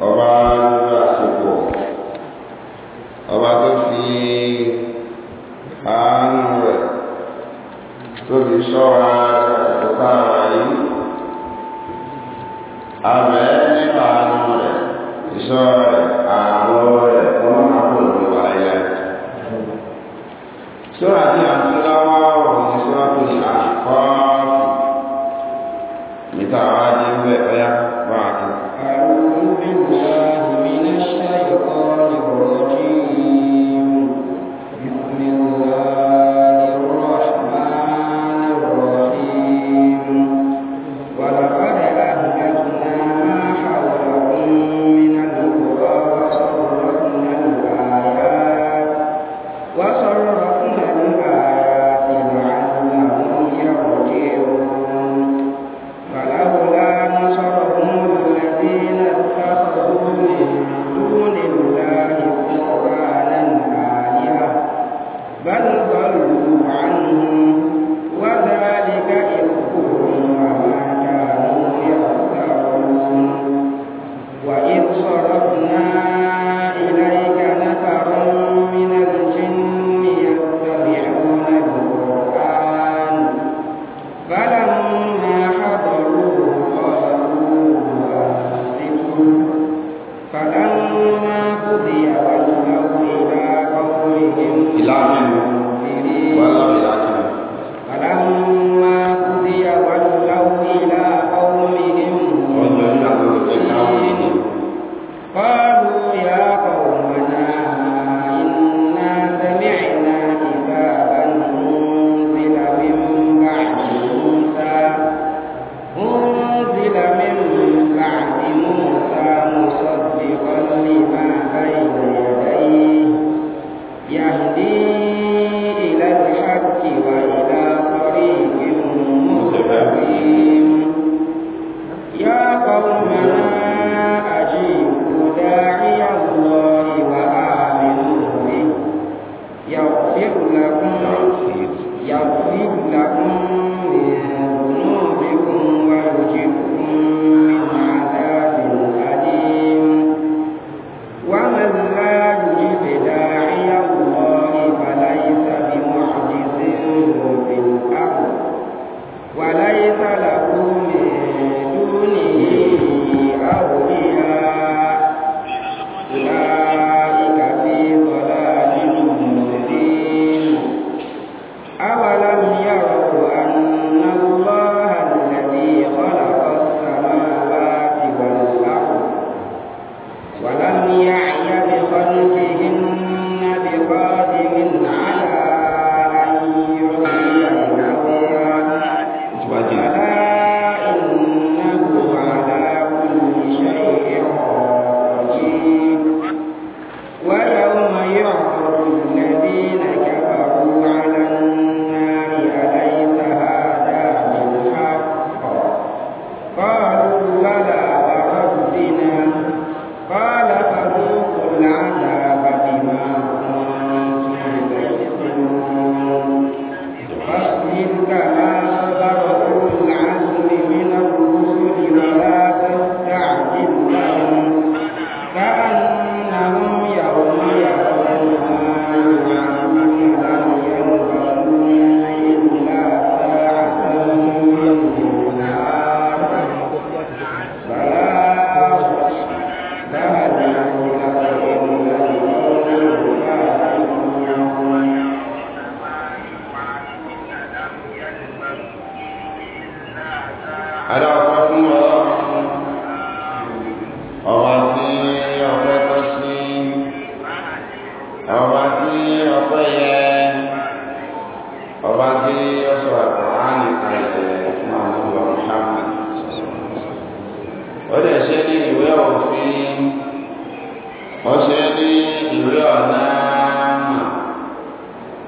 ọba lórí àsìkò ọba tó fi àánú rẹ̀ tó fi ṣọ́ra àsìkò táwa yìí àbẹ̀ nípa àánú rẹ̀ ìṣọ́ra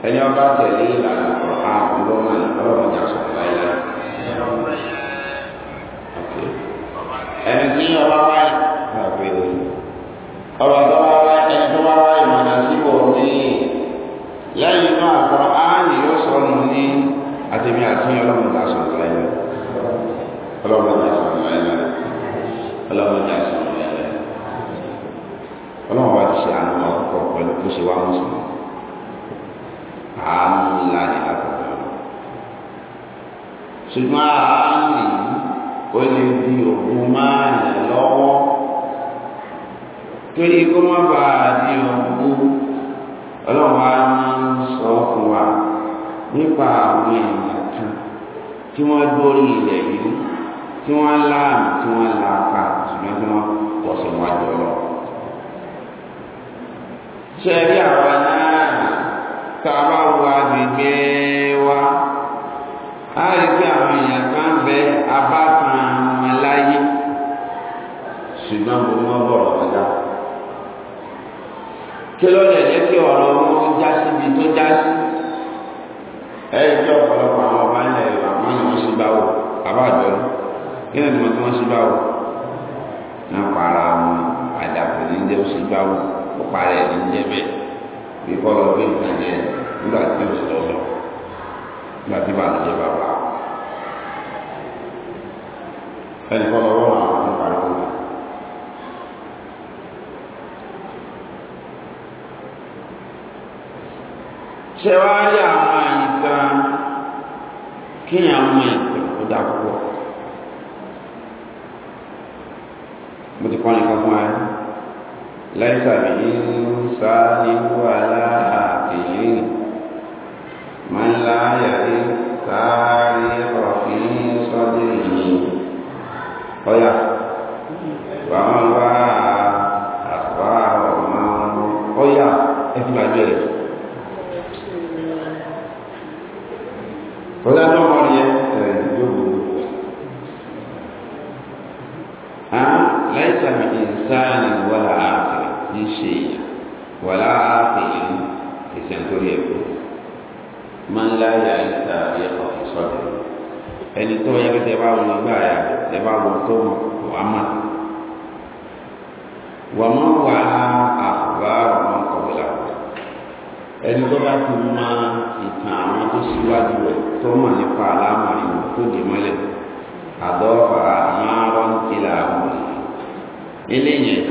Señor, pase el hilo a la Corán, un hombre, kí náà ni mo tí wọ́n ṣe báwò wọ́n para wọn àdàpọ̀ ní jẹ́ ó ṣe báwò ó parẹ́ ní jẹ́ bẹ́ẹ̀ bí kọ́ lọ bí nǹkan jẹ nígbà tí ó sì lọ́dọ̀ nígbà tí bàánú jẹ bàbá ẹnì kọ́ lọ́wọ́ àwọn ọmọ pariwo náà. ṣe wá àwọn àyíká kéèyàn mọ ẹ̀sìn ó dá púpọ̀. kọ́ni kan fún ẹ lẹ́yìn tàbí ìsá ní wàhálà àkèyí máa ń la yàrí káàrí ọ̀fìn wàá إنسان ولا عاقل ní ṣe èèyàn wàlá àpèyàn ìsẹ̀ nítorí ẹ̀kọ́ máa ń láyà ìta ẹ̀kọ́ ìsọ̀rọ̀ ẹni tó yẹ kẹtẹ bá wọn gbà yà ẹ bá wọn tó wà má wà má wà àbá wọn kọ̀ọ̀lá ẹni tó bá ti mọ ìtàn àwọn tó síwájú rẹ̀ tó mọ̀ nípa aláàmà ìwọ̀n tó dé mọ́lẹ̀ àdọ́fà á eléyẹn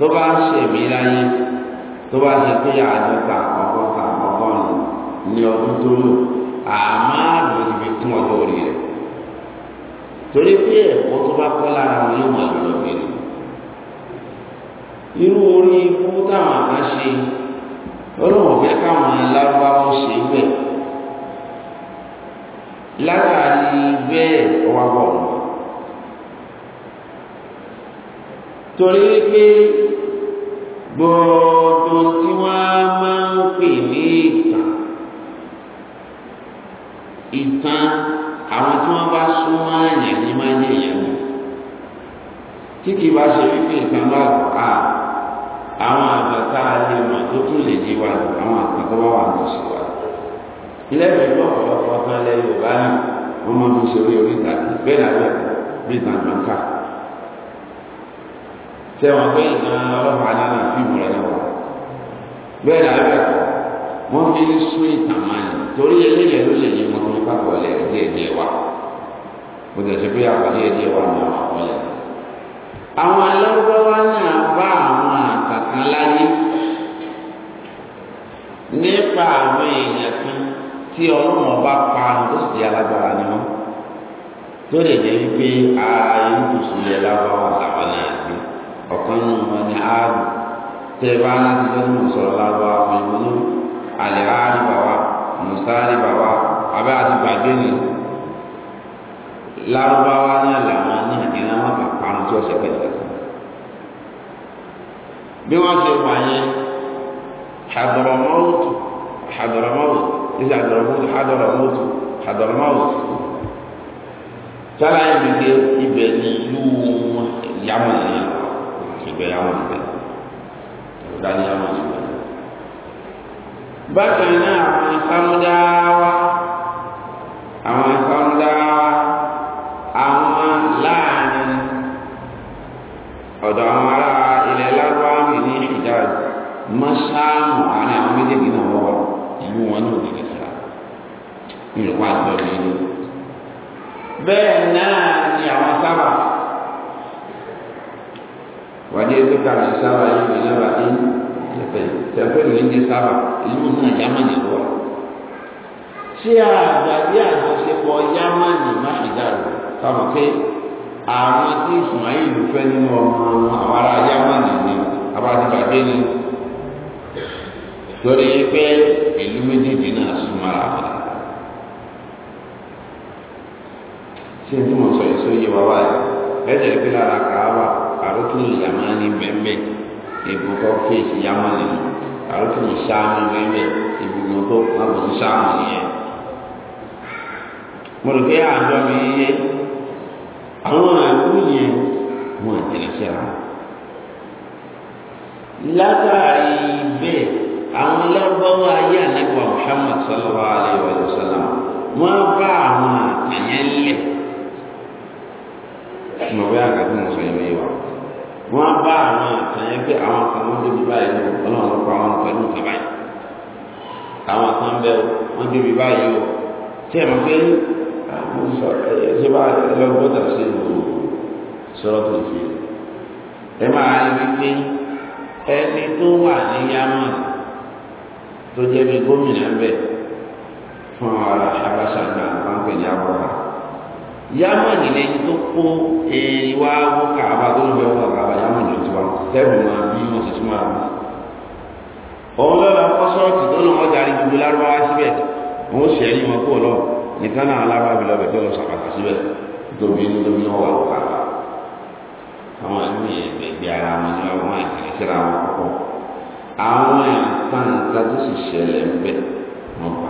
tó bá ṣèmí láyé tó bá ṣe pé àádọ́ta ọgọ́ta ọgọ́rin ní ọdún tó lò àmọ́ àgbẹ̀ ti fi kún ọjọ́ orí rẹ̀ torí pé ẹ̀kọ́ tó bá kọ́ lára wọn yóò máa lọ kiri irú orí ikú táwọn àná ṣe ọlọ́run fẹ́ káwọn aláwọ̀ ṣe bẹ́ẹ̀ látàrí bẹ́ẹ̀ ọwọ́ bọ̀ torí pé gbogbo tí wọ́n máa ń pè ní ìtàn ìtàn àwọn tí wọ́n bá súnmọ́ àyàn ní máa ń yẹ ìyàwó tí kì í bá ṣe wípé ìtàn bá kọ́ à àwọn àgbàtà alẹ́ mọ̀ tó tún lè yí wa lò àwọn àgbà tó bá wà lọ sí wa ilé ẹ̀fẹ̀ ọ̀pọ̀lọpọ̀ kan lẹ́yìn Yorùbá náà wọ́n máa ń fi orí ìtàn bẹ́ẹ̀ ni àgbẹ̀ bí ìtàn máa ń kà sẹ́wọ̀n pé ìtàn ọlọ́run alẹ́ fíìmù rẹ̀ náà bẹ́ẹ̀ ni alẹ́ wọ́n fi ń sún ìtàn torí eléyẹ̀ ló lè yẹ wọn fi pàpọ̀ lẹ̀ díẹ̀ díẹ̀ wa mo tẹ̀ sí pé àwọn díẹ̀ díẹ̀ wa ni àwọn àkọọ́lẹ̀ àwọn alárúbáwá náà bá àwọn àkàkàn láyé nípa àwọn èèyàn kan tí ọlọ́run ọba pa tó sì alágbára ni wọn tó lè jẹ́ wípé ààyè kò sí ilẹ̀ lábáwá làwọn ọ̀kan nù wọn ni áàbù tẹ bá láti jẹ́ nù sọ̀rọ̀ lárúbá fún ìwọ ní àlẹ́ áàrìbà wa mùsáàrìbà wa abẹ́ àti gbàgbé ni lárúbá wa náà làwọn náà ìran wọn kà parun tí ọ̀sẹ̀ pẹ̀lú ẹ̀sìn bí wọ́n ṣe wà yẹn Hadramaut Hadramaut ìṣe Hadramaut Hadramaut Hadramaut tálá yẹn gbẹgbẹ ibẹ̀ ni ìlú Yamani ìgbéyàwó ìgbé ìdáníyàwó ìgbé bákan náà àwọn sámúdáwá àwọn sámúdáwá àwọn láàrin ọ̀dọ̀ àwọn ará ilẹ̀ lárúbáwá ní Hijaz mọ́ṣáàmù àárín àwọn méjèèjì náà wọ́wọ́ ìlú wọn náà ní ìgbésà nílùú wà lọ́dún yìí bẹ́ẹ̀ náà ni àwọn sábà wadai suka rashi saba yi mai na baɗin tafai tafai da yanke saba ilimin náà yamani lọ ṣé àgbàdí àjọṣepọ̀ yamani má ìdárò táwọn pé àwọn tí ismail fẹ́ nínú ọmọ wọn àwọn ará yamani ni abájúgbàgbé ni torí pé ìlú méjèèjì náà súnmọ́ra wọn ṣé tí mo sọ èso yé wa wáyé ẹ̀jẹ̀ pé lára kàá wà àrùkùnù zamani bẹ́ẹ̀ ìbùkọ́ fèsì yamani nù àrùkùnù sáàmù bẹ́ẹ̀ ìbùkọ́ tó àbùkù sáàmù nìyẹn. mo rò pé àjọ mi yé àwọn àdúgbò yẹn wọn jìnnà síra látàrí bẹ́ẹ̀ àwọn lọ́gbọ́wọ́ ayé àlẹ́gbọ̀ Muhammad sallallahu alayhi wa sallam wọ́n bá àwọn àtàyẹ́ lẹ̀ mo bẹ́ àgbàdo mo wa wọ́n bá àwọn àtàn yẹn pé àwọn kan wọ́n débi báyìí o ọlọ́run ló pa wọn pẹ̀lú nǹkan báyìí àwọn kan bẹ o wọ́n débi báyìí o tí ẹ̀ mọ̀ pé àwọn sọ ẹ ṣe bá ẹ gbọ́dọ̀ sí ìlú sọ̀rọ̀ tó fi ẹ máa rí wípé ẹni tó wà ní yámà tó jẹ́ bí gómìnà bẹ̀ fún ara abasa náà pè ní abọ́ra yámà nílẹ̀ tó kó èrè wá wọ́kà abá tó ń bẹ wọ́kà tẹ́rù máa bí wọ́n ti tún máa bí. òun lọ́la kọ́ sọ́ọ̀tì tó lọ́wọ́ darí gbogbo lárúbáwá síbẹ̀ òun sì ẹ̀rí wọn kúrò náà nìkan náà lárúbáwá bí lọ́bẹ̀ tó lọ sàpàtà síbẹ̀ tóbi ní tóbi náà wà lọ́ka. àwọn ẹ̀mí ẹ̀gbẹ́ ara wọn ni wọ́n máa kiri síra wọn kọ́kọ́. àwọn àtàǹkà tó sì ṣẹlẹ̀ ń bẹ̀ wọ́n bá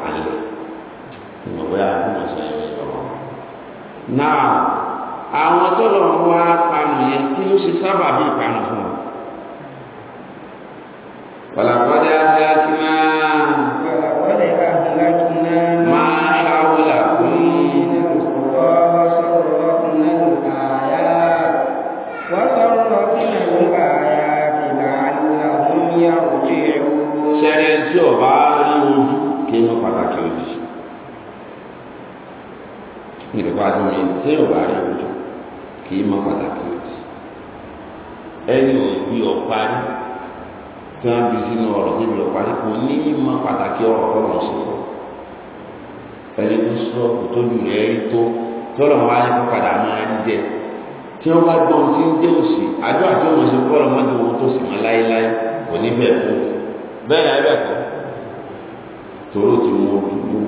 a àwọn tó wá panu yẹn kí ló ṣe sábà bí ìpanu fún wa ولقد أهلكنا ولقد أهلكنا ما حولكم وصرفنا الآيات وصرفنا الآيات لعلهم يرجعون سيرتي وباري كيما pàtàkì òjì nígbà tí mi tí ò bá rí òjò kì í ẹni tí wọ́n bí sínú ọ̀rọ̀ níbi ọ̀pá ní kò ní mọ pàtàkì ọ̀rọ̀ tó lọ sí fún ẹni tó sọ òtójú rẹ̀ rí tó tọ́lọ̀ wá ní kó padà máa ń jẹ tí wọ́n bá gbọ́n tí ń dé òsì àjọ àti òun ṣe kọ́ ọlọ́mọdé owó tó sì mọ́ láéláé kò ní bẹ́ẹ̀ fún bẹ́ẹ̀ náà bẹ́ẹ̀ kọ́ tòró ti mú ojú wò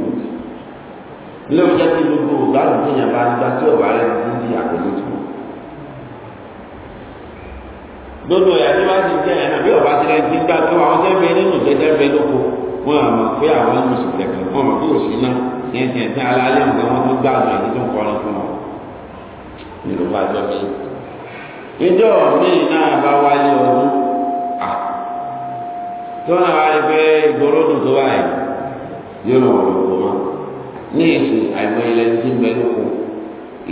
ilé ìjẹ́ tí gbogbo ìgbàlù tí bá ń gbá tí ọ̀bà rẹ̀ ti ń di àkójọ bá ti jẹ́ ẹ̀nà bí ọba ti rẹ̀ ti gbà tó àwọn tẹ́fẹ́ nínú tẹ́fẹ́ lóko wọn àmọ́ pé àwọn ń sùn tẹ̀kọ̀ wọn mọ̀ bí òsì náà yẹn ti ẹ̀sìn alálẹ́ nǹkan wọn tó gbà àwọn ẹni tó ń kọrin fún wọn ní ló bá jọ bí. ìjọ míì náà bá wáyé ọdún à tó náà wáyé pé ìgboro dùn tó wáyé yóò lọ wọ̀ lóko mọ́ ní èsì àìmọye lẹni tí ń bẹ lóko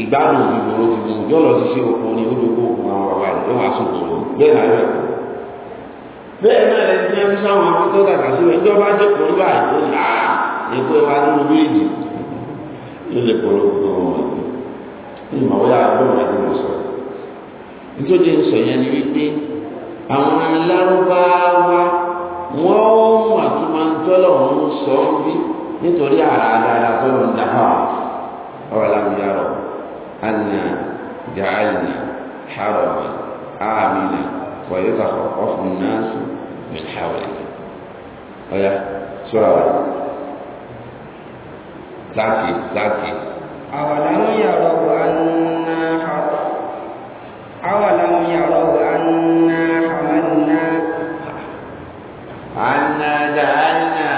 ìgbádùn ìgboro ti gbòòrò yóò lọ sí sí oko ní ó dókòó àwọn bàbá rẹ̀ yóò wá sùn gbòòrò bẹ́ẹ̀ náà yóò bẹ́ẹ̀ náà lè jẹ́ fún sáwọn akótó kàkà sí rẹ̀ ìjọba jẹ́ kò ń báyìí ó ní àá èkó ẹwà nínú méjì ló lè kọ́ lóko wọn ẹgbẹ́ ní ìmọ̀ wọ́n yára gbọ́n àti mọ̀ sọ nítorí ń sọ yẹn ni ọ̀rọ̀ làmúyàrọ̀ àná jàálìnà hàrọ̀mà àmìnà ويتخطفه الناس مش حوالينا ويا سورة واحدة زعتي زعتي أولم يروا أن أولم يروا أن حملنا أنا جعلنا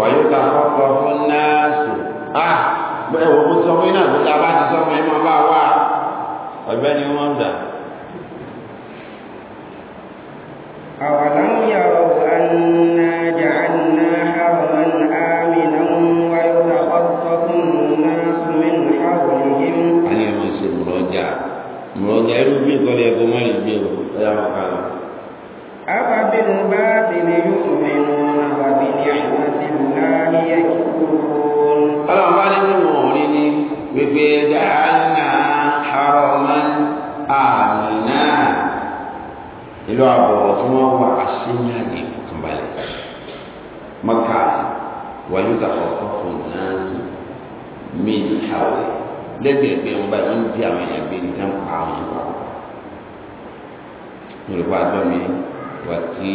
wàyó ta kọ́kọ́ fún nọ́ọ̀sì à ah, bẹ́ẹ̀ wọ́n mo sọ fún iná àgbẹ̀ta bá ti sọ fún ẹ bá wà ọ̀gbẹ́ni wọ́n dà. أولم يروا أنا wà lọ́mi wà kí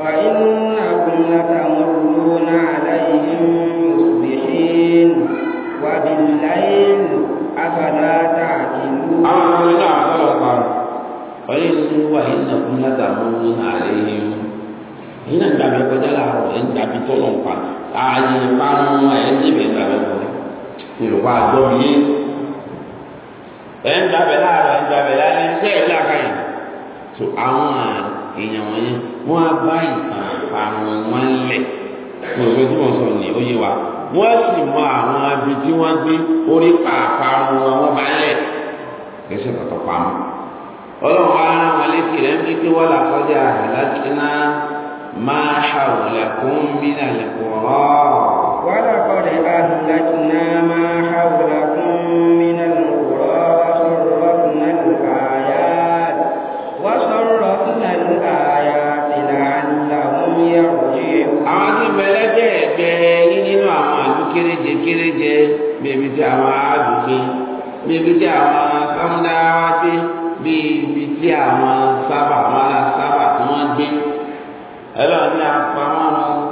فإنكم لتمرون عليهم مصبحين وبالليل أفلا تعقلون آه لا طبعا فإنكم وإنكم لتمرون عليهم هنا جابي بدلا إن جابي تولون فان آي فان ما يجيب بدلا Yorùbá àjọ yìí ẹ̀ ń gbàbẹ̀ láàárọ̀ ẹ̀ ń gbàbẹ̀ lálẹ́ iṣẹ́ ìlà kan yìí. So àwọn èèyàn wọ̀nyí wọ́n á bá ìtàn àpàrọ̀ wọn lẹ̀ fún ìwé tí wọ́n sọ ní oyé wa wọ́n sì mọ àwọn abi tí wọ́n gbé orí pàpàrọ̀ wọn wọ́n bá lẹ̀ kẹsẹ̀ tọ̀tọ̀ pamọ́ ọlọ́run wa rán wọn létí rẹ̀ ń bí pé wọ́n làkọ́jà àhàlákínà máa ṣàwùlẹ̀kùn mìíràn lẹ̀kùn ọ̀rọ̀. wọ́n làkọ́jà àhàlákínà máa ṣàwùlẹ̀kùn mìíràn يرجع أعطي بلده بينين وعما كيرجة كيرجة بيبتي أما عدوكي بيبتي أما سمداواتي بيبتي أما سبع مالا سبع تمانجي ألا أني أفهمه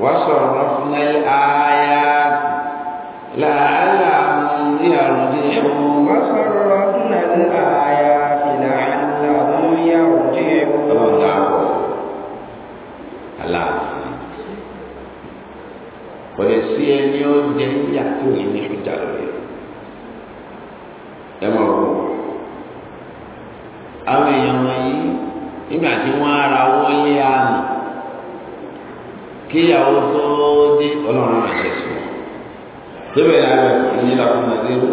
وصل kò lè sí ẹni oúnjẹ níyà tó ní ní ìjà lórí ẹ mọ̀ ọ́ àwọn èèyàn wọ̀nyí nígbà tí wọ́n ara wọlé àná kíyàwó tó dé ọlọ́run àṣẹ sí wọn débẹ̀ yàrá ìyẹn làkúnà dérò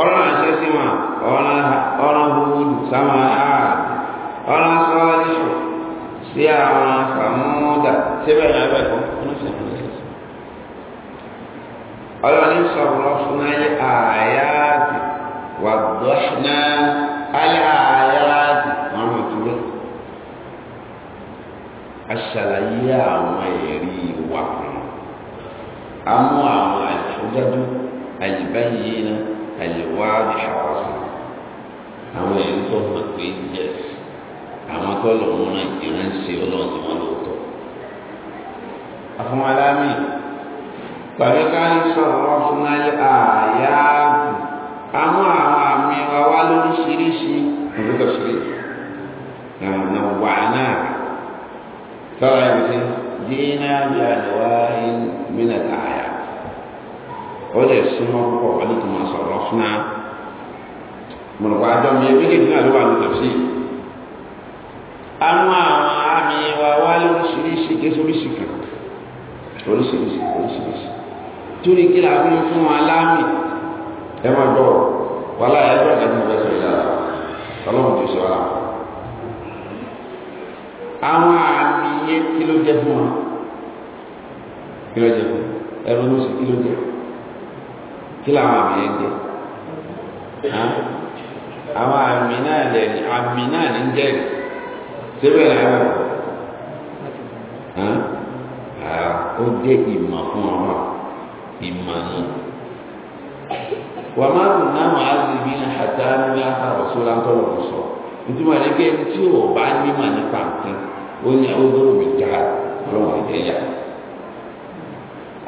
ọ̀rọ̀ àṣẹ sí wọn ọ̀rọ̀ hùwù sàmà áàdì ọ̀rọ̀ sọ́ọ́lì ṣùkú. sí àwọn sàmúdà síbẹ̀ ní abẹ́ kan oníṣẹ́mi ní sísè ọlọ́run ní sọ̀rọ̀ fún ayé àyáàtì wà dọ́ṣná ayé àyáàtì wọn mọ̀ tó bẹ́ẹ̀ aṣàlàyé àwọn ẹ̀rí wà fún un a mú àwọn àìfúdájú àyíbáyé náà àyíwá àbíṣà wá sí àwọn ẹ̀rí tó mọ̀ pé yẹsì. àwọn tọ́lọ̀ wọn náà ìránṣẹ́ ọlọ́run tí wọ́n lóòótọ́. àfọwọ́n alámì pàdé ká ń sọ̀rọ̀ fún ayé àyáàbù àwọn àwọn àmì wa wá lóríṣiríṣi lóríṣiríṣi àwọn wà náà tọ́lá yẹn ti dínà bí àdéhùn ayé mílẹ̀ àyà ó lè súnmọ́ púpọ̀ wọ́n ní tó máa sọ̀rọ̀ fún náà mọ̀nàkọ́ àjọ mi ẹgbẹ́ kejì náà ló oríṣiríṣi oríṣiríṣi torí kí la fún fún wọn aláàmì ẹ máa gbọ́ wà láyé ẹgbẹ́ ìdájọ́ ìgbà sọ ìdára ọlọ́run ti sọ ara àwọn àmì yẹn kí ló jẹ fún wọn kí ló jẹ fún ẹrú ló sì kí ló jẹ kí làwọn àmì yẹn jẹ àwọn àmì náà lẹ àmì náà ní jẹ síbẹ̀ làwọn. ó jẹ́ ìmọ̀ fún ọmọ ìmọ̀ ni wà máa dùn náà máa zì mí náà àtà ní àtàrà sólà ń tọrọ kò sọ nítorí wọn gẹ́gẹ́ tí ò bá nímọ̀ nípa nǹkan ó ní ó gbọ́dọ̀ mi já ọlọ́run ẹ̀jẹ̀ yá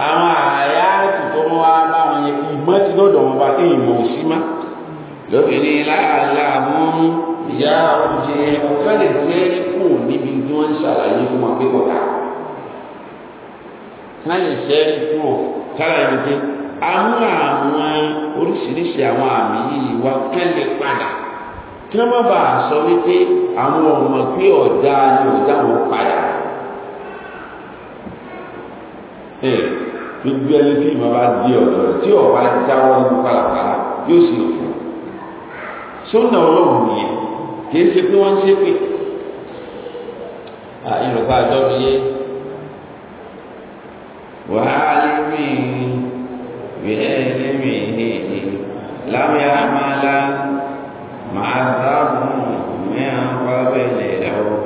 àwọn àyà tuntun wọn wá bá wọn yẹ ìmọ̀ ti lọ́dọ̀ wọn bá ìmọ̀ òsì má lóbìnrin láàlá àwọn ìyá ọ̀jẹ̀ ọ̀fẹ́ lè jẹ́ kù níbi tí wọ́n ń ṣàlàyé fún wọn pé kọ̀ọ̀kan sani sẹ́ẹ̀rì fún ọ sára ẹni pé àwọn àwọn oríṣiríṣi àwọn àmì yìí wá kẹ́lẹ̀ padà kí wọ́n má bàa sọ wípé àwọn ọmọ pé ọ̀dà ni ọ̀dà wọn padà. ẹ gbogbo ẹni tí ìmọ̀ bá di ọ̀dọ̀ tí ọ̀bá jáwọ́ nínú pàlàpàlà yóò sì òfò sọ́nà ọlọ́run nìyẹn kì í ṣe pé wọ́n ń ṣépè. àìrọ̀pá àjọ fi yé. وعالمه بعلمه لم يعمل مع الظلم من قبل أو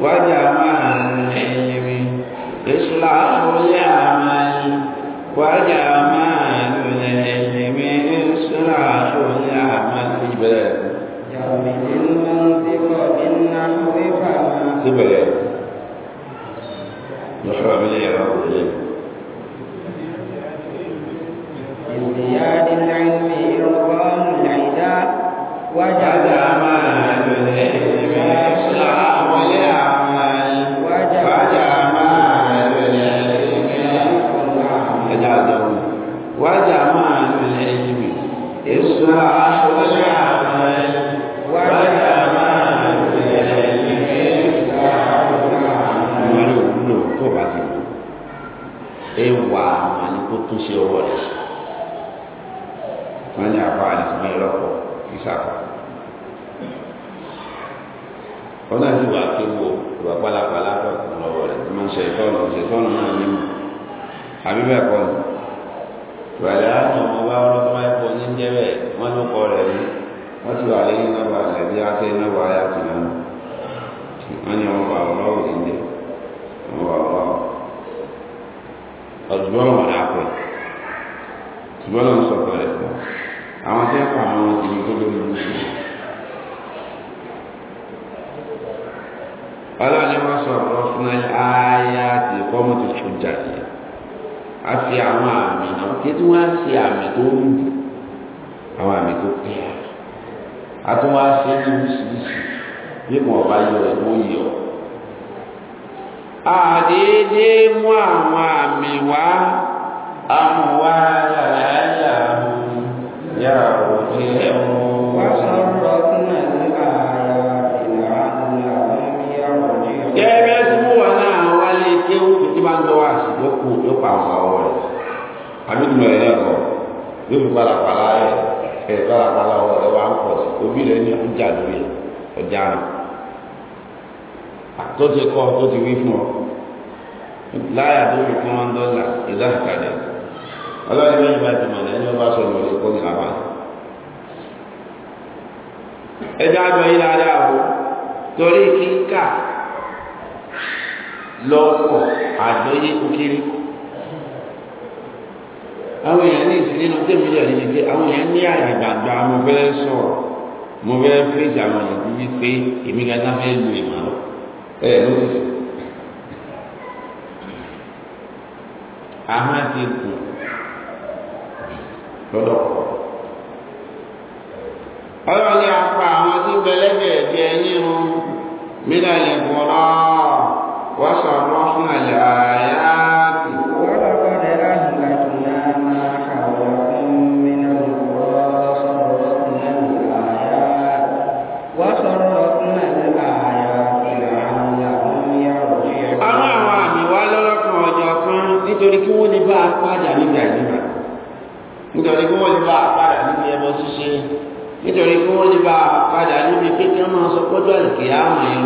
وجمال العلم إصلاح العمل وجمال العلم إصلاح العمل جامد المنطق بالنحو فما سبب يخرب لي رب العلم ọlọ́ọ̀ni wọ́n sọ ọ̀rọ̀ fún ayé àti ìkọ́mù tó fún jáde a fi àwọn àmì hàn kí tí wọ́n á ṣe àmì tó ń bù àwọn àmì tó pẹ́ a tún wá ṣe ní oríṣiríṣi bí wọn bá yọ ẹ̀ wọ́n yọ. àdéédé mú àwọn àmì wá àwọn wá yàrá yàrá yàrá òkè ẹ̀wọ̀n. yóò pa àwọn ọmọ rẹ̀ amídùmọ̀ rẹ̀ náà kọ̀ yóò fi pàlàpàlà rẹ̀ ẹ̀ pàlàpàlà ọ̀rọ̀ rẹ̀ wà ń pọ̀ sí òbí rẹ̀ ní ọjà lórí ọjà rẹ̀ tó ti kọ́ tó ti wí fún ọ láyà tó fi kún wọn dọ́là ìdá àkàdé ọlọ́run mẹ́rin bá ti mọ̀lẹ́ ní ọba sọ̀rọ̀ lórí kó ní àbá ẹjọ́ àjọ yìí dáadáa o torí kíkà lọ́pọ̀ àjọyé kúkiri àwọn èèyàn ní ìsìn nínú tèmi yẹn ní pé àwọn èèyàn ní àyè àgbàgbà mo fẹ́ sọ̀rọ̀ mo fẹ́ fèsì àwọn èèyàn ti yí pé èmi gàdá fẹ́ lu ìmọ̀ lọ ẹ ló ti sè. ahọ́n ti gùn lọ́dọ̀ ọlọ́run ní apá àwọn tí bẹlẹ́gbẹ̀ẹ́ bí ẹni rún mílíọ̀nù ìfọ̀rọ̀ wọ́n sọ̀rọ̀ fún àlẹ́ àyà. القيام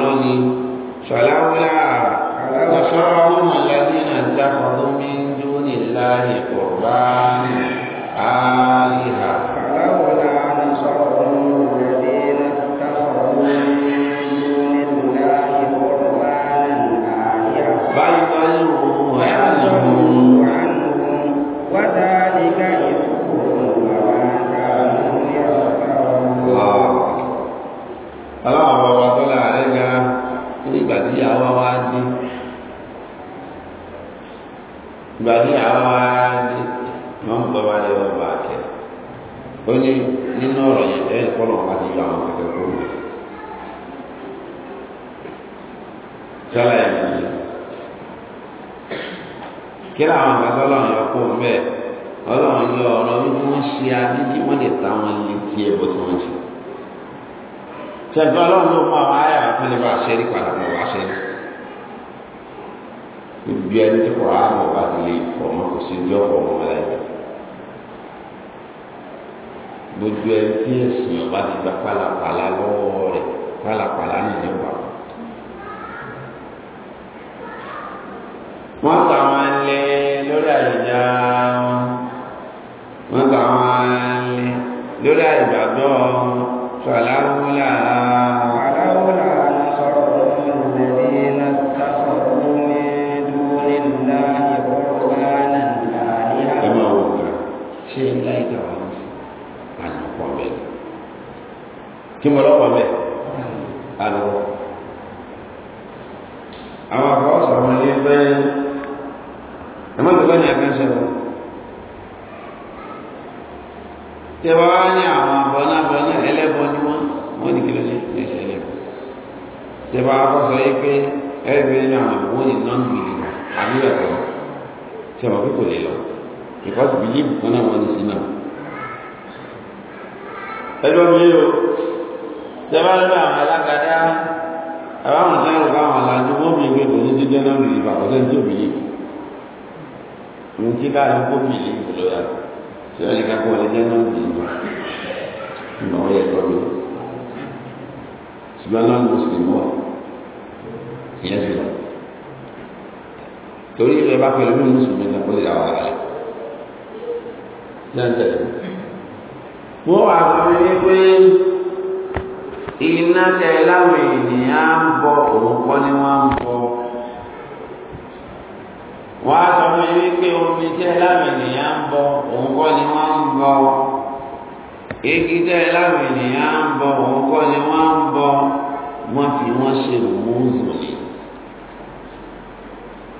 sẹ̀gbọ́n ọlọ́run ló pa àwọn àyà fún ní bá ṣe rí padà mọ̀ wá ṣe rí ibi ẹni tí kò á mọ̀ bá ti lè pọ̀ mọ́ kò sí ní ọ̀pọ̀ ọmọ ẹ̀yà gbogbo ẹni tí ẹ̀sìn ọba ti gba pálapàla lọ́wọ́ rẹ̀ pálapàla nìyí wà. wọ́n kà wọ́n lé lórí àyíká wọn wọ́n kà wọ́n lé lórí àyíká gbọ́ sọ̀lá. wọ́n ní non-believer àbúrẹ́kọ̀ tí ọmọ pípò lè lọ because believe kan náà wọ́n ní sí náà ẹgbẹ́ mi yóò tẹ́bá lọ́dọ̀ àwọn alágadá àbáwọn sáyẹn rẹ̀ báwọn alájú wọ́n bí gbé kò ní sí jẹ́ non-believer kò sẹ́ni tí ò believe ohun tí ká ló kó believe ló yà tí wọ́n lè ká kó wọlé jẹ́ non ìmọ̀ wọ́n yẹ kọ́ mi ṣùgbọ́n non-muslim wọ́n yẹ sí lọ torí ẹ bá pẹ̀lú ní mùsùlùmí náà ó lè dá wàhálà rẹ̀ lẹ́yìn tẹ̀lé wọ́n wà fún mi pé iná tẹ láwọn ènìyàn ń bọ òun kọ́ ni wọ́n ń bọ wọ́n á sọ fún mi wípé omi tẹ láwọn ènìyàn ń bọ òun kọ́ ni wọ́n ń bọ igi tẹ láwọn ènìyàn ń bọ òun kọ́ ni wọ́n ń bọ wọ́n fi wọ́n ṣe òun ń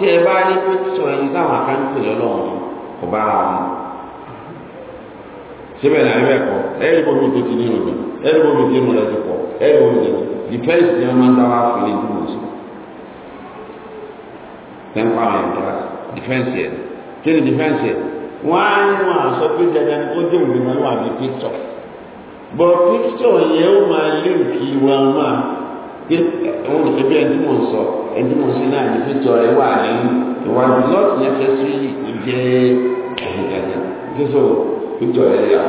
tí ẹ bá ní pé sọ ẹni táwọn akáńpè lọ́lọ́run kò bá ara mu síbẹ̀ náà ẹ̀rẹ́ ẹ̀kọ́ ẹ̀rí bómi tó ti ní òjò ẹ̀rí bómi tí mo rẹ̀ ti pọ̀ ẹ̀rí bómi tó ti dìfẹ́ǹsì ni wọ́n máa ń dá wá fún ilé ìdúró sí tẹ́ńpá àwọn ẹ̀ka dìfẹ́ǹsì ẹ̀ kí ni dìfẹ́ǹsì ẹ̀ wọ́n á ń wọ́n àṣọ pé dandan ó dé òwe wọn wà ní píktọ̀ bọ̀ píktọ̀ yẹn ó máa lé òkè wọn máa pé àwọn òṣèlú ẹni tí mò ń sọ ẹni tí mò ń ṣe náà ní pẹ́tọ́ rẹ̀ wà ní ìwà sí ìjẹ́ ẹ̀hìngàjẹ́ kí so pẹ́tọ́ rẹ̀ yà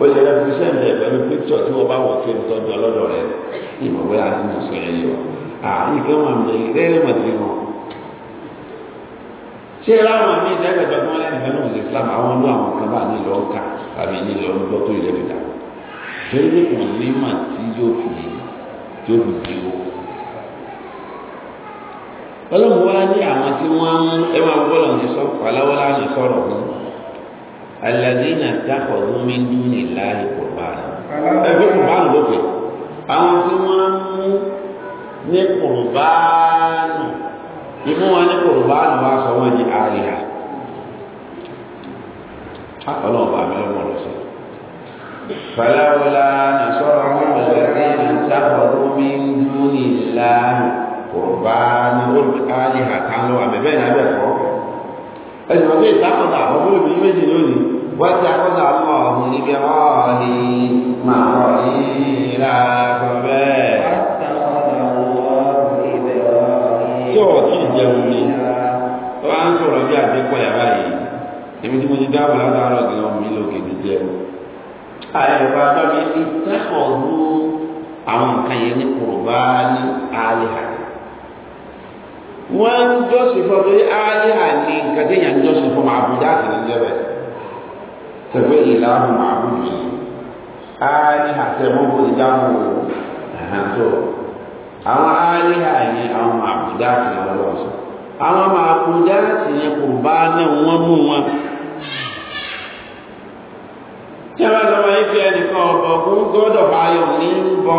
ó lè rẹpísẹ́ǹtì ẹ̀ pẹ̀lú pẹ́tọ́ tí wọ́n bá wọ̀ fẹ́ tọ́jú ọlọ́dọ̀ rẹ̀ ìmọ̀ bóyá àti mò ń sọ yẹn yọ àyè kí wọ́n mi rẹ́rẹ́ mọ̀ sí wọn. ṣé láwọn àmì ìdẹ́gbẹ̀dọ̀ fún ẹlẹ́nìkan náà ṣe Islam àwọn inú àwọn kan bá nílò ọkà àbí nílò ọdún tó ìdẹ́gbẹ̀dà tí ó fi zero ọlọ́run wá ní àwọn tí wọ́n ń ẹ máa bọ́ọ̀lù ti sọ pàlọ́wọ́ láàrin sọ̀rọ̀ fún alladhina ittakhadhu min dunillahi qurbana ẹgbẹ́ kùrbánù lókè àwọn tí wọ́n mú ní kùrbánù ìmú wọn ní kùrbánù wá sọ wọn di àríyá ọlọ́run bá mi lọ́mọ lọ́sọ̀rọ̀ فلولا نصرهم الذين اتخذوا من دون الله قربانا آلهة لو أما بين أبيكم ẹ̀sìn wọn pé ìtàkọ̀dà àwọn olùbí méjì lónìí wọ́n ti àkọ́dà àwọn ọ̀hún níbi ọ̀hìn máa rọ̀ ní ìlà àgbọ̀bẹ́. tí ọ̀ tí ì jẹun ni wọ́n á ń sọ̀rọ̀ bí àgbẹ̀kọ̀ yàrá yìí èmi tí mo ti dáàbò látàárọ̀ gan-an mi lòkè ti jẹun àyẹ̀wò abámi ìtẹ́kọ̀ọ́rú àwọn nǹkan yẹn ní kùrùbá ní àlìhà wọ́n ń jọ́sìn fún pé àlìhà ní nǹkan tí èèyàn ń jọ́sìn fún àbújá sí ní jẹ́bẹ̀ tẹ̀fẹ́ ìlànà àbújù sí àlìhà tẹ̀mọ́ bó ti dáhùn ẹ̀hán àwọn àlìhà ní àwọn àbújá sí ní ọlọ́sọ àwọn àbújá sí ní kùrùbá náà wọ́n mú wọn tí a bá sọ ma ife ẹnìkan ọ̀bọ̀ fún gọ́dọ̀ fàáyọ̀ ní bọ́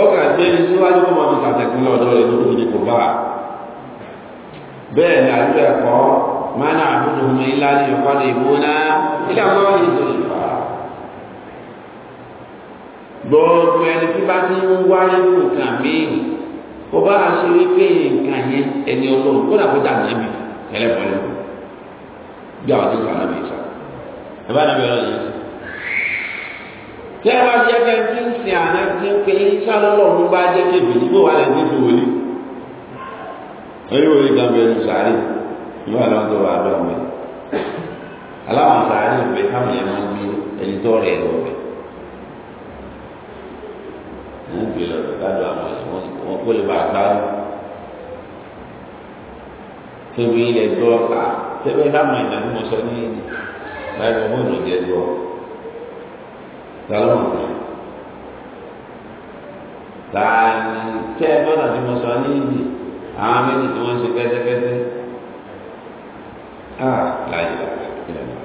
ó kà gbé ní síwájú kó máa fi sàtẹ̀kùn ní ọ̀dọ́ rẹ̀ lórí ìdíkùn bá wa bẹ́ẹ̀ ni àdúrà ẹ̀kọ́ máa ní àbúrò mi ilá ní ọ̀pá ní ìbò náà ilé tí bá bí àwọn sọ ànábì sọ ẹ bá nàbì sọ tẹ́ ẹ bá jẹ́ kẹ́ tí ń sin àná tí ń pe iṣẹ́ lọ́lọ́ mú bá jẹ́ kébì nígbò wà lẹ́nu tó wọlé oríwòye gan bẹ̀rù sáré ìwà lọ́n tó wà lọ́mọ aláwọn sáré ìgbé táwọn yẹn máa ń gbé ẹni tó rẹ̀ lọ bẹ̀ wọ́n gbé lọ gbádùn àwọn ẹ̀ wọ́n kó lè bá gbádùn tóbi ilẹ̀ gbọ́ ká tẹ́lẹ̀ láwọn ìdánimọ̀ sọ ní báyìí wọ́n mọ̀ ìròjẹ́ lọ́wọ́ lọ́wọ́ ọ̀gá tààní kẹ́ ẹ bọ́dà tí mo sọ ní ìdí àwọn méjì tí wọ́n ń ṣe kẹ́tẹ́kẹ́tẹ́ à ah, láyé ilẹ̀ náà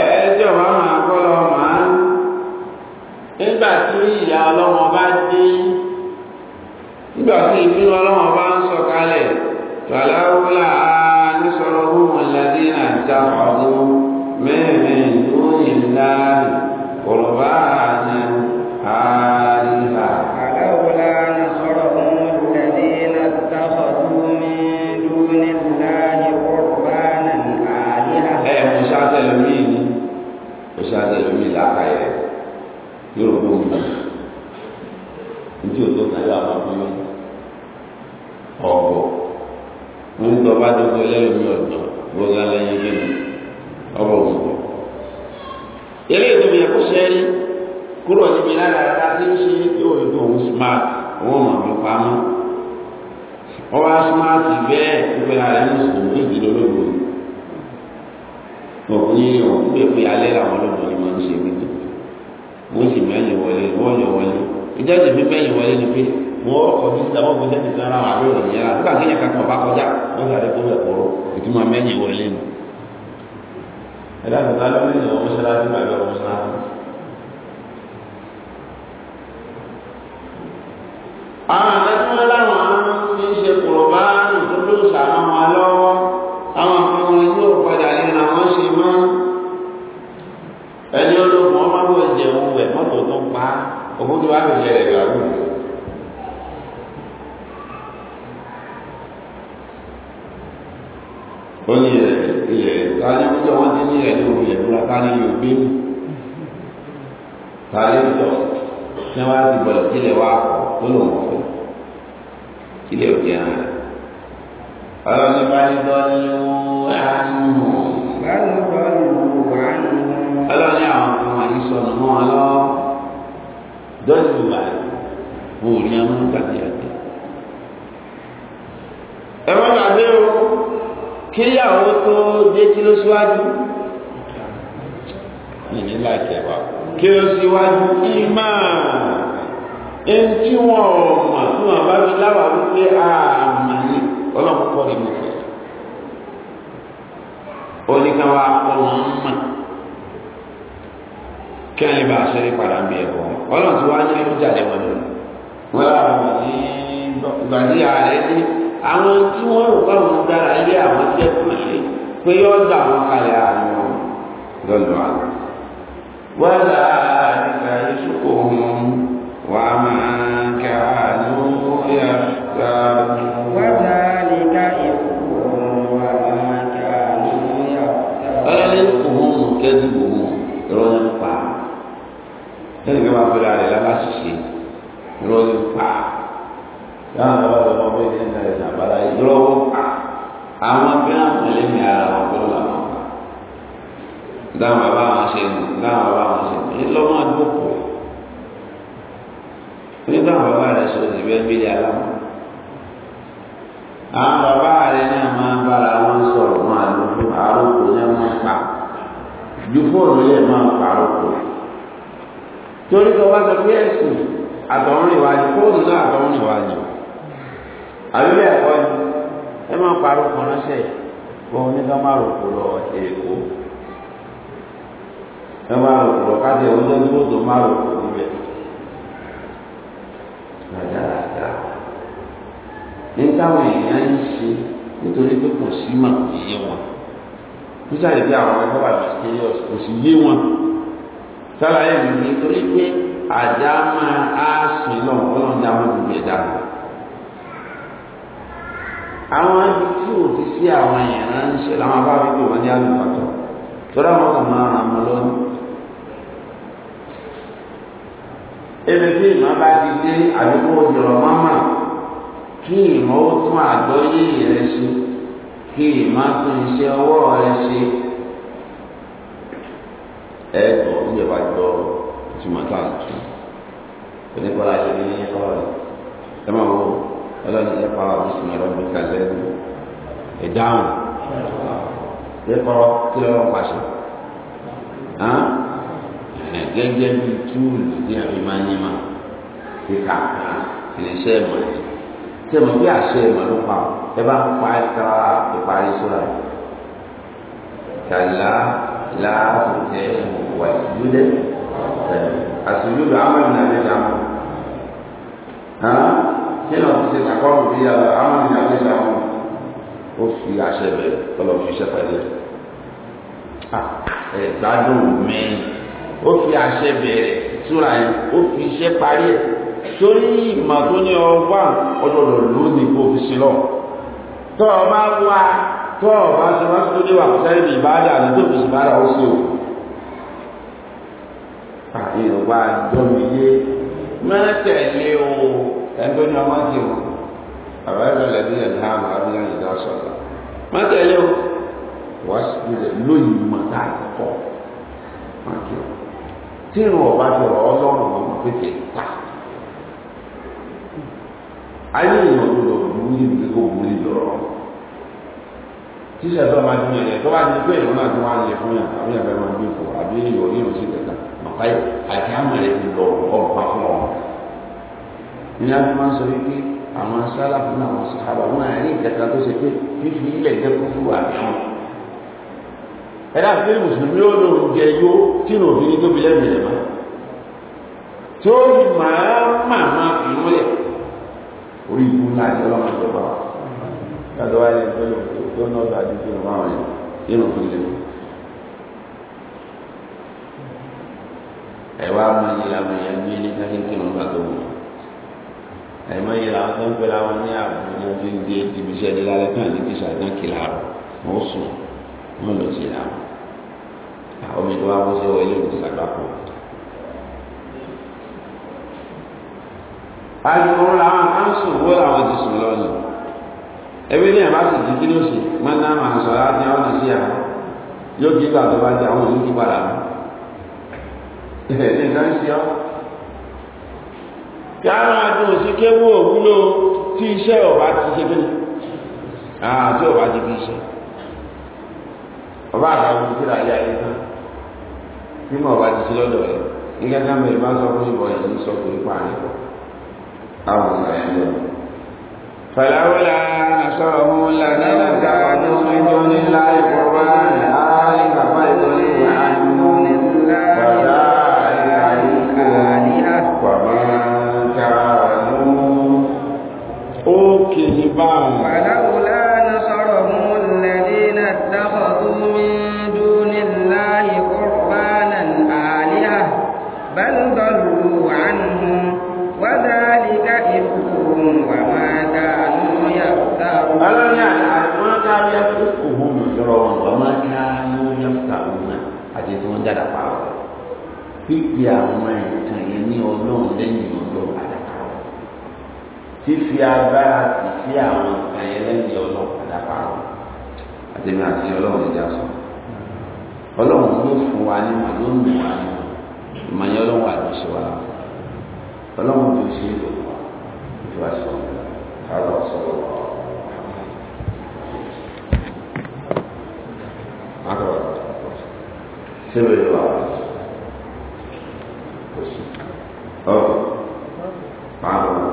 ẹ ẹjọ́ bá máa kọ́ lọ máa ń nígbà tí ìyá ọlọ́mọ bá dé nígbà tí ìbínú ọlọ́mọ bá ń sọ kalẹ̀ tọ́láwúlà ní sọ̀rọ̀ ohun ìlàdí náà jáfàdó mẹ́rin ìlú الله قربانا آلهة فلولا نصرهم الذين اتخذوا من دون الله قربانا آلهة ẹ musa tẹlẹmí ni musa tẹlẹmí làákà yẹ yóò gbó mu ntí o tó kájọ àwọn ọmọ yẹn ọgbọ wọn ń tọ́ bá dọ́kọ̀ ẹlẹ́rìí ọ̀dọ́ gbọ́dọ̀ lẹ́yìn. eré ìdóbi ẹ̀kọ́ sẹ́rí kúrò níbi lára ẹ̀ka tí ń ṣe yóò rí pé òun smart òun mọ̀ mí pamọ́ ọwọ́ smart bẹ́ẹ̀ pípẹ́ ara ẹ̀ mùsùlùmí ìdí lólógbò ọkùnrin ọ̀hún pé pé alẹ́ làwọn olóògbé máa ń ṣe mítò wọ́n sì mẹ́yìn wọlé wọ́n yọ wọlé ìjọ́sìn fi mẹ́yìn wọlé ni pé wọ́n kọjú sí àwọn ọmọdé nìkan ara wọn àbúrò nìyẹn nígbà kéèyàn kankan ọba kọjá wọ́n sáré ẹ̀dá àgbàtà ló ní ìyàwó mọ́ṣáláṣí bàbá ọmọ mọ́ṣáláṣí. àwọn àgbàtà láwọn ní í ṣe kùrọ̀bá tó ló sàmọ́ wọn lọ́wọ́ táwọn kan wọn yóò padà nínú àwọn ṣe mọ́ ẹni ológun ọmọ bọ̀ jẹun wẹ̀ mọ́tò tó pa òkú tó wà lóṣẹ̀lẹ̀ gbàgbọ́. ìgbà ta ni yóò gbé wù ta lè sọ tí wọ́n á ti bọ̀lọ̀ kílẹ̀ wá kọ́ ó lò wọ́n fẹ́ kílẹ̀ òkè hàn ọ̀rọ̀ ní bá ní bọ́ọ̀lù àánú ọlọ́ni àwọn kan wọ̀nyí sọnù mọ́ ọ lọ dọ́jú báyìí mo ò ní àwọn nígbàdí àgbẹ̀. ẹ má o kíyàwó tó dé kí ló síwájú ní láti ẹ̀wà kí ló síwájú ìmáà ẹni tí wọ́n mọ̀ tí wọ́n bá rí láwà wípé àmà ní ọlọ́run kọ́ nínú ìfẹ́ oníkanwá ọlọ́run mọ̀ kí wọ́n lè bá aṣọ ní padà ń bí ẹ̀kọ́ ọlọ́run tí wọ́n á ní ẹ̀rú jáde wọn ní ìgbà ààrẹ ní àwọn tí wọ́n rò káwọn dára ilé àwọn tẹ́kùn lé pé yọ́ọ́ dà wọn kalẹ̀ àrùn lọ́dọ̀ àná وذلك رزقهم وما كانوا يفترون وذلك رزقهم وما كانوا يفترون رزقهم كذبهم رزقا ẹnìkan máa fẹ́ra rẹ̀ lábàṣìṣe ìrọ̀lẹ́ pa láwọn ọ̀rọ̀ ọmọ bẹ́ẹ̀ ní ẹ̀ka ìjà àbára ìrọ̀wọ́ pa àwọn abẹ́rẹ́ àpẹẹrẹ mi ara wọn gbọ́dọ̀ làwọn pa dáhùn bàbá àwọn ṣe dáhùn bàbá lọ́mọ àdókò nígbà bàbá rẹ̀ sọ ti bẹ́ẹ̀ bíi aláwọ̀ àwọn bàbá rẹ̀ náà máa ń bára wọn sọ̀rọ̀ máa lò fún àròkò náà máa ń pa ju fóònù yẹn máa ń pa àròkò torí tó bá sọ pé ẹ̀sìn àtọ̀run ìwájú fóònù náà àtọ̀run ìwájú àbílẹ̀ ẹ̀kọ́ ni ẹ máa ń pa àròkò ránṣẹ́ kó oníkàmáròkò lọ èkó ẹ má rò pọ̀ káàdì ẹ̀wọ́n jẹ́ bí mọ́tò má rò pọ̀ níbẹ̀. Gbàdáàdà ní táwọn èèyàn ń ṣe nítorí pé kò sí mà kò yé wọn. Nígbà yìí bí àwọn ẹgbẹ́ wà mysterious kò sí yé wọn. Sálàyé mi nítorí pé àdá máa á sìn lọ́wọ́ ọlọ́run dá wọn gbogbo ẹ̀dá wọn àwọn ibi tí ò ti sí àwọn èèyàn ń ṣe làwọn bá fi wọn ní àlùfàtọ tó dáwọn kan máa ràn wọn lọ́nìí ebi tí ìmọ̀ bá ti dé àdúgbò jọ̀rọ̀ mọ́mọ́ kí ìmọ̀ ó tún àgbọ́yé rẹ ṣe kí ìmọ̀ tún iṣẹ́ ọwọ́ rẹ ṣe. ẹ gbọ́ níjọba gbọ́ ìtumọ̀ tá à ń tún onípọ̀lá ṣe ní ọ̀rẹ́ ẹ máa wọ ọlọ́ni ẹ̀pà bísí ọ̀rọ̀ bí kàlẹ́ ìdáhùn ẹ̀pọ̀ kí lọ́wọ́ pàṣẹ gẹ́gẹ́ bí túùlù tí a fi máa ń yín máa kíkà irinṣẹ́ ìmọ̀ ni sẹ́mi bí àṣẹ ìmọ̀ ló pa ẹ bá ń pa ẹ̀ka ìparí sóra yìí kàlá láàbù tẹ wà ìdúdẹ àṣìlúdù amọ̀lù náà lè dàmú kí ló ń ṣe takọ́rù bí yàrá amọ̀lù náà lè dàmú ó fi àṣẹ bẹ̀rẹ̀ kọ́lọ́ fi ṣẹ́ pẹ̀lú ẹ̀ ah, gbádùn mẹ́rin ó fi àṣẹ bẹ̀rẹ̀ súra yẹn ó fi iṣẹ́ parí ẹ̀ torí ìmọ̀ tó ní ọgbà ọdọọdọ lónìí kó fi sí lọ tọ́ ọ bá wá tọ́ ọ bá ṣe wá sódé wà kó sáré ìbáàdà ní tó fi ìbáàdà ó sí o. Yorùbá dọ́mìyé mẹ́tẹ̀lé o ẹgbẹ́ ní ọmọ kí o àbá ìrọ̀lẹ́ bí ẹ̀ náà máa bí ẹ̀yìn dá sọ̀rọ̀ mẹ́tẹ̀lé o wá sí lóyìn mọ́ta àkọ́kọ́ tí ọba ti rọ ọlọ́run ọmọ pèsè ta ayé èèyàn lọ bú ní ìlú ní lọrọ tíṣà tó máa dún ẹ̀yẹ tó bá ní pé ìlú náà tó máa ń yẹ fún yàn àwọn yàrá máa gbé fò àbí ìyọ oníyàn sí kẹta màkà àti àmọ̀ rẹ̀ ti lọ ọ̀pá fún ọ. ní a máa ń sọ wípé àwọn sálà fún àwọn sábà wọn àárín ìkẹta tó ṣe pé fífi ilẹ̀ jẹ́ kúfù àbí àwọn ẹ̀dá àti pé mùsùlùmí ó lò ń jẹ yó tí nà òbí ní tóbi lẹ́mìí rẹ̀ máa tí ó yí màá mà máa fi múlẹ̀ orí ikú ńlá àti ọlọ́mọ ìjọba yàtọ̀ wáyé pẹ̀lú tó ń lọ́dọ̀ àti tó ń wá wọn yìí nínú fún ilé ẹ̀wá máa yẹ àwọn èèyàn bí ní kákínkì bá tó wù ẹ̀mọ́ yẹ àwọn tó ń pẹ́lá wọn ní àbúrò ní ọdún dé ibi iṣẹ́ ní lálẹ́ kan ní kìsà náà kìlà rọ̀ wọ́n sùn wọ́n lọ sí ìlànà àwọn ìṣòwò amúṣe wọ ilé ìwòsàn àgbàpọ̀. alùpùpù làwọn kan sùn wó làwọn ti sùn lọ ni ẹbí ní ẹ̀bá sì ti kí ló ṣe wọn náà máa sọ láti ọ̀nà sí àwọn yóò kí gbà tó bá di àwọn òní kí padà mọ́ ẹ̀ ní nǹkan ṣe ọ́ kí á máa dùn sí kéwú òwúlò tí iṣẹ́ ọ̀bá ti ṣe kí ni àti ah, ọ̀bá ti fi iṣẹ́ ọba àtàwọn ìdílé ayé ayé bí mo bá ti sí lọ́dọ̀ rẹ̀ nígbà tí àwọn ìbá sọ fún ìbọn yìí sọ fún ipa rẹ̀ pọ̀ àwọn ọmọ ẹ̀ lọ. fàlàwọ́lá aṣọ ọ̀hún làdínà ká ní ojú nílá ìfọ̀bá àárín àpá ìtọ́lé gàdà pààrọ̀ fífi àwọn ẹ̀kan yẹn ní ọlọ́run lẹ́yìn ọlọ́run àdàpàrọ̀ fífi agbára tì sí àwọn ẹ̀kan yẹn lẹ́yìn ọlọ́run àdàpàrọ̀ àtẹ̀mí àti ọlọ́run ìjà sọ ọlọ́run ló fún wa ní mà wa ní ìmọ̀ yẹn ọlọ́run àdúṣe wa ọlọ́run tó ṣe é lò wá ìfọwọ́sọ. 세월이 와. 어, 마음.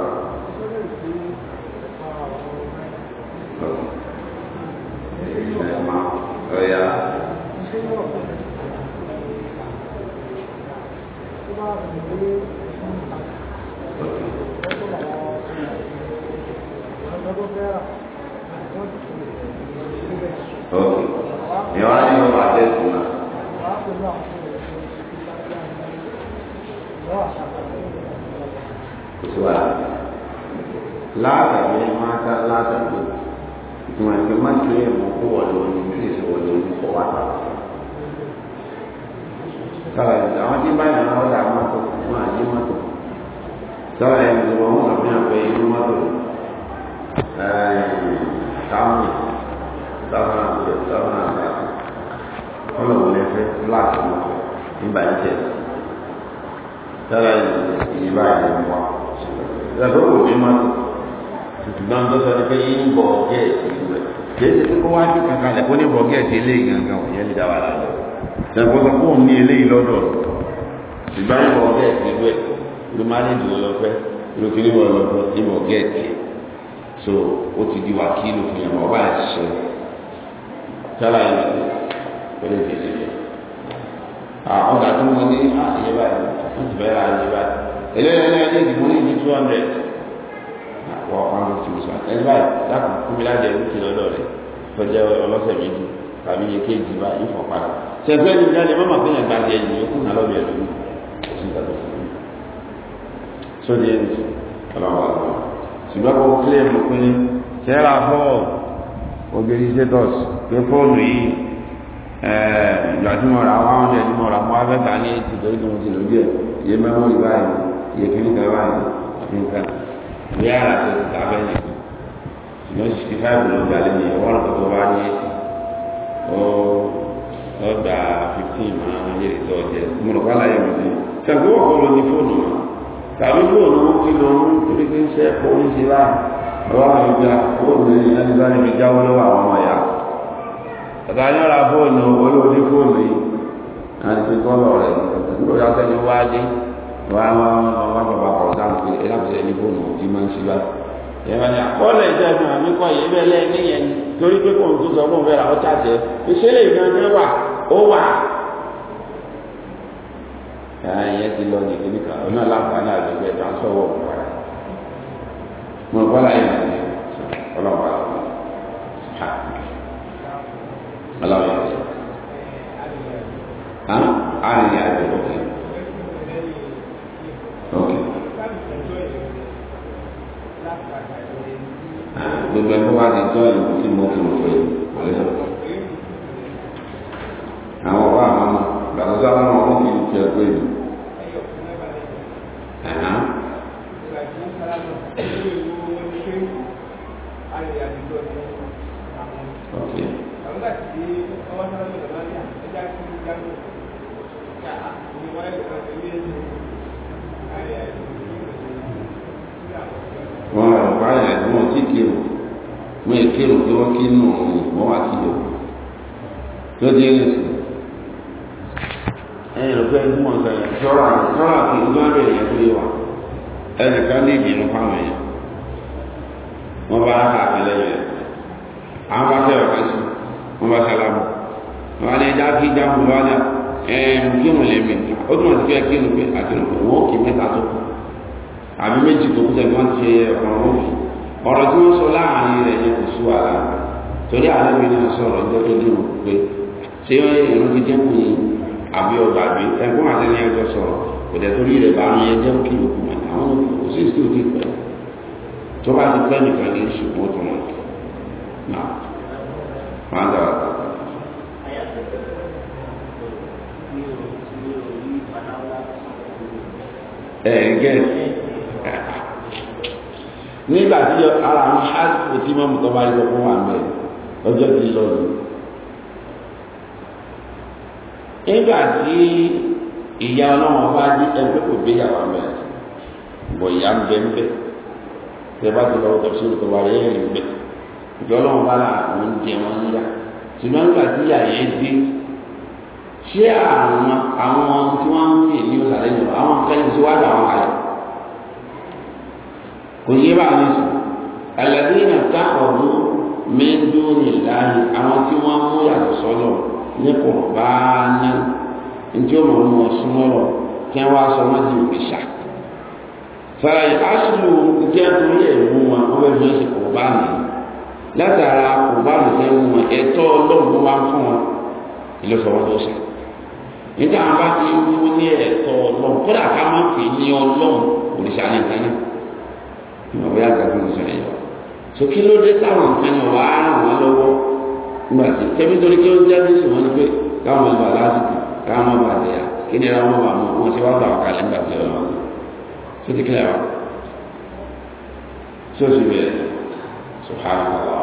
어야. 어, 영화는 뭐 맞을 수 kò sí wàhálà látàgbé máta látàgbé ìtumọ̀ ìpè má ti lè kó wọlé oní tí èsì wọlé oní kọ̀ wá. sọ̀rọ̀ àwọn tí bá yàn ọ́dà mọ́tò fún àyè mọ́tò sọ̀rọ̀ ìdá wọn kàn fi hàn pé inú mọ́tò táwọn táwọn kọ́lọ̀ wọlé fẹ́ fúláàtì lọ́kọ̀ nígbà ìjẹ́ tára ìyíbá ìyẹ̀ wà ìgbàgbọ́ kò ní máa lò ṣùgbọ́n tó sọ ni pé yín ń bọ̀ gẹ́ẹ̀tì rẹ̀ kìí ṣe pé kó wá ní kankan lẹ̀ kó ní bọ̀ gẹ́ẹ̀tì eléyìí gangan ò yẹn lè dá wà lálẹ́ ṣàkóso sọ pé òun ní eléyìí lọ́dọ̀ ṣùgbọ́n bọ̀ gẹ́ẹ̀tì rẹ̀ ló máa pẹ̀lú ìdíje rẹ̀ àwọn ọ̀gá tó wọ́n ní àyè báyìí wọ́n ti bẹ̀rẹ̀ àyè báyìí eléyìí ní ẹjẹ́ ìdìbò ní ìdí two hundred àpò one fifty percent ẹ báyìí dákun fún mi láti ẹ̀rú ti lọ́dọ̀ rẹ̀ tọ́jú ọlọ́sẹ̀ méjì tàbí iye kéèjì báyìí fọ̀ padà ṣẹ̀fẹ́ ní ìdílé alẹ́ mọ́mọ́ fẹ́yàn gba ẹ̀yìn yòókù náà lọ́dọ̀ ẹ̀rú oṣù tàbí fún mi. sóde ẹni ọlọ́wọ́ ìgbà tí mo ra one hundred mo ra mo wá fẹ́ ta ní eighty torí kí mo ti lójú ẹ̀ iye mẹ́mórì báyìí iye kìnnìkan báyìí kìnnìkan bí ara tó ti ta bẹ́ẹ̀ nìkan ṣùgbọ́n sixty five ló gbà lẹ́yìn ẹ̀ wọ́n kò tó bá ní eighty ó ó gba fifteen máa ń yèrè tó ọjẹ́ mo rò wá láyé mi sí ṣàgbé wọ́n kọ́ lọ ní fóònù mọ́ tàbí fóònù ó ti lọ mú torí pé ń ṣe ẹ̀kọ́ ń ṣe láà ọlọ́run ìgbà fóònù ẹ̀yìn láti bá níbi jáwọ́ lọ́wọ́ àwọn ọmọ ẹ̀yà àtàyàn ra fóònù olóòdí fóònù yìí àti pé kọ́lọ̀ rẹ̀ nígbà tó sẹ́ni wá dé wá wá bàbá kọ̀ọ̀ sáà pé ẹ láti sẹ́ni fóònù tí máa ń ṣe bá yẹn bá ní àkọọ́lẹ̀ ìjọ ìfún àmì kọ́ yìí bẹ́ẹ̀ lẹ́yìn níyẹn ni torí pé kò ń tún sọ fún òun fẹ́ ra ọjà jẹ ìṣẹ̀lẹ̀ ìgbàgbé wà ó wà ẹ̀yẹ ti lọ ní kíní kan ọ̀nà láǹfààní àgbègbè ẹ̀dá sọ̀wọ́ ọ̀pára mo rò aláwọ̀ yẹn sọ. àárín àgbẹ̀ ọ̀kẹ́. ọ̀kẹ́. gbogbo ẹ̀kọ́ bá ti jọ́ ìlú tí mo kì í mọ̀ fún lérò pé wọ́n kí nù ọ̀hún wọ́n wà kí tó dé ní ẹ̀yìn rẹ̀ pé ẹni kí n gbọ́n bẹ̀rẹ̀ yẹn tó sí wọ́n kí jáàmù lè mẹ́ta tó àbí méjì tó kú sẹ́ni ti ṣe ọ̀kan wọ́n fi ọ̀rọ̀ tí wọ́n sọ láàrin rẹ̀ yẹn kò sú ara torí àlẹ́bí náà sọ̀rọ̀ ọjọ́ tó dé òkú pé ṣé ìrún ti dínkù yìí àbí ọgbà gbé ẹgbọ́n àti ní ẹjọ́ sọ̀rọ̀ kò dẹ̀ torí rẹ̀ bá mi ẹjẹ́ kí òkú mọ̀ àwọn kò sí sí òdì pẹ̀ tó bá ti pẹ́ nìkan ní ṣùgbọ́n tó mọ̀ náà máa dára kọ́. ẹ̀ẹ́gẹ́ nígbà tí ara àwọn hásìkò tí mọ́mù tó bá rí lọ fún wa mẹ́ ọjọ́ ti lọ lọ. nígbà tí ìyá ọlọ́run bá dé ẹgbẹ́ kò gbé yàrá mẹ́ bọ̀ ìyá ń bẹ́ ń bẹ́ tẹ bá ti lọ́wọ́ tọ́sí tó wà yẹ́ ń bẹ́ ìjọ ọlọ́run bá là àwọn jẹ wọn níyà ṣùgbọ́n nígbà tí ìyá yẹn dé ṣé àwọn àwọn tí wọ́n ń pè ní ọ̀sàlẹ́yìn àwọn akẹ́yìn tí wọ́n á dà wọn kalẹ̀ kò yé bá mi sùn àlàdé nàta ọ̀hún mẹ́jọ nìláyé àwọn tí wọ́n mú yàtọ̀ sọ́lọ̀ nípò bá ná ntí ó mọ̀ mú ọ̀sùn lọ́rọ̀ kí wọ́n á sọ wọ́n di òrìṣà fàlàyé aṣọ ìdí àtúnyí ẹ̀mú wọn wọ́n bẹ̀ fi ṣe kùrùbánì látara kùrùbánì tẹ́ mú wọn ẹ̀tọ́ ọlọ́run wá fún wọn ìlú sọ wọn lọ́sẹ̀ nígbà wọn bá ti wú ní ẹ̀tọ́ ọlọ́run kódà ká má pè ní ọlọ́run òrìṣà nìkan náà bóyá nǹkan tí mo sọ yẹn so kí ló dé táwọn nǹkan yẹn wà á ràn wọ́n lọ́wọ́ nígbà tí tẹ́bí torí kí ó jẹ́ jésù wọn ni pé káwọn ọba lásìkò káwọn ọba àjẹyà kí ni àwọn ọba àmọ́ wọn ṣe wá bá ọ̀kà lẹ́gbà tí ó lọ́wọ́ so ti kílẹ̀ wa so ti bẹ̀rẹ̀ subhanallah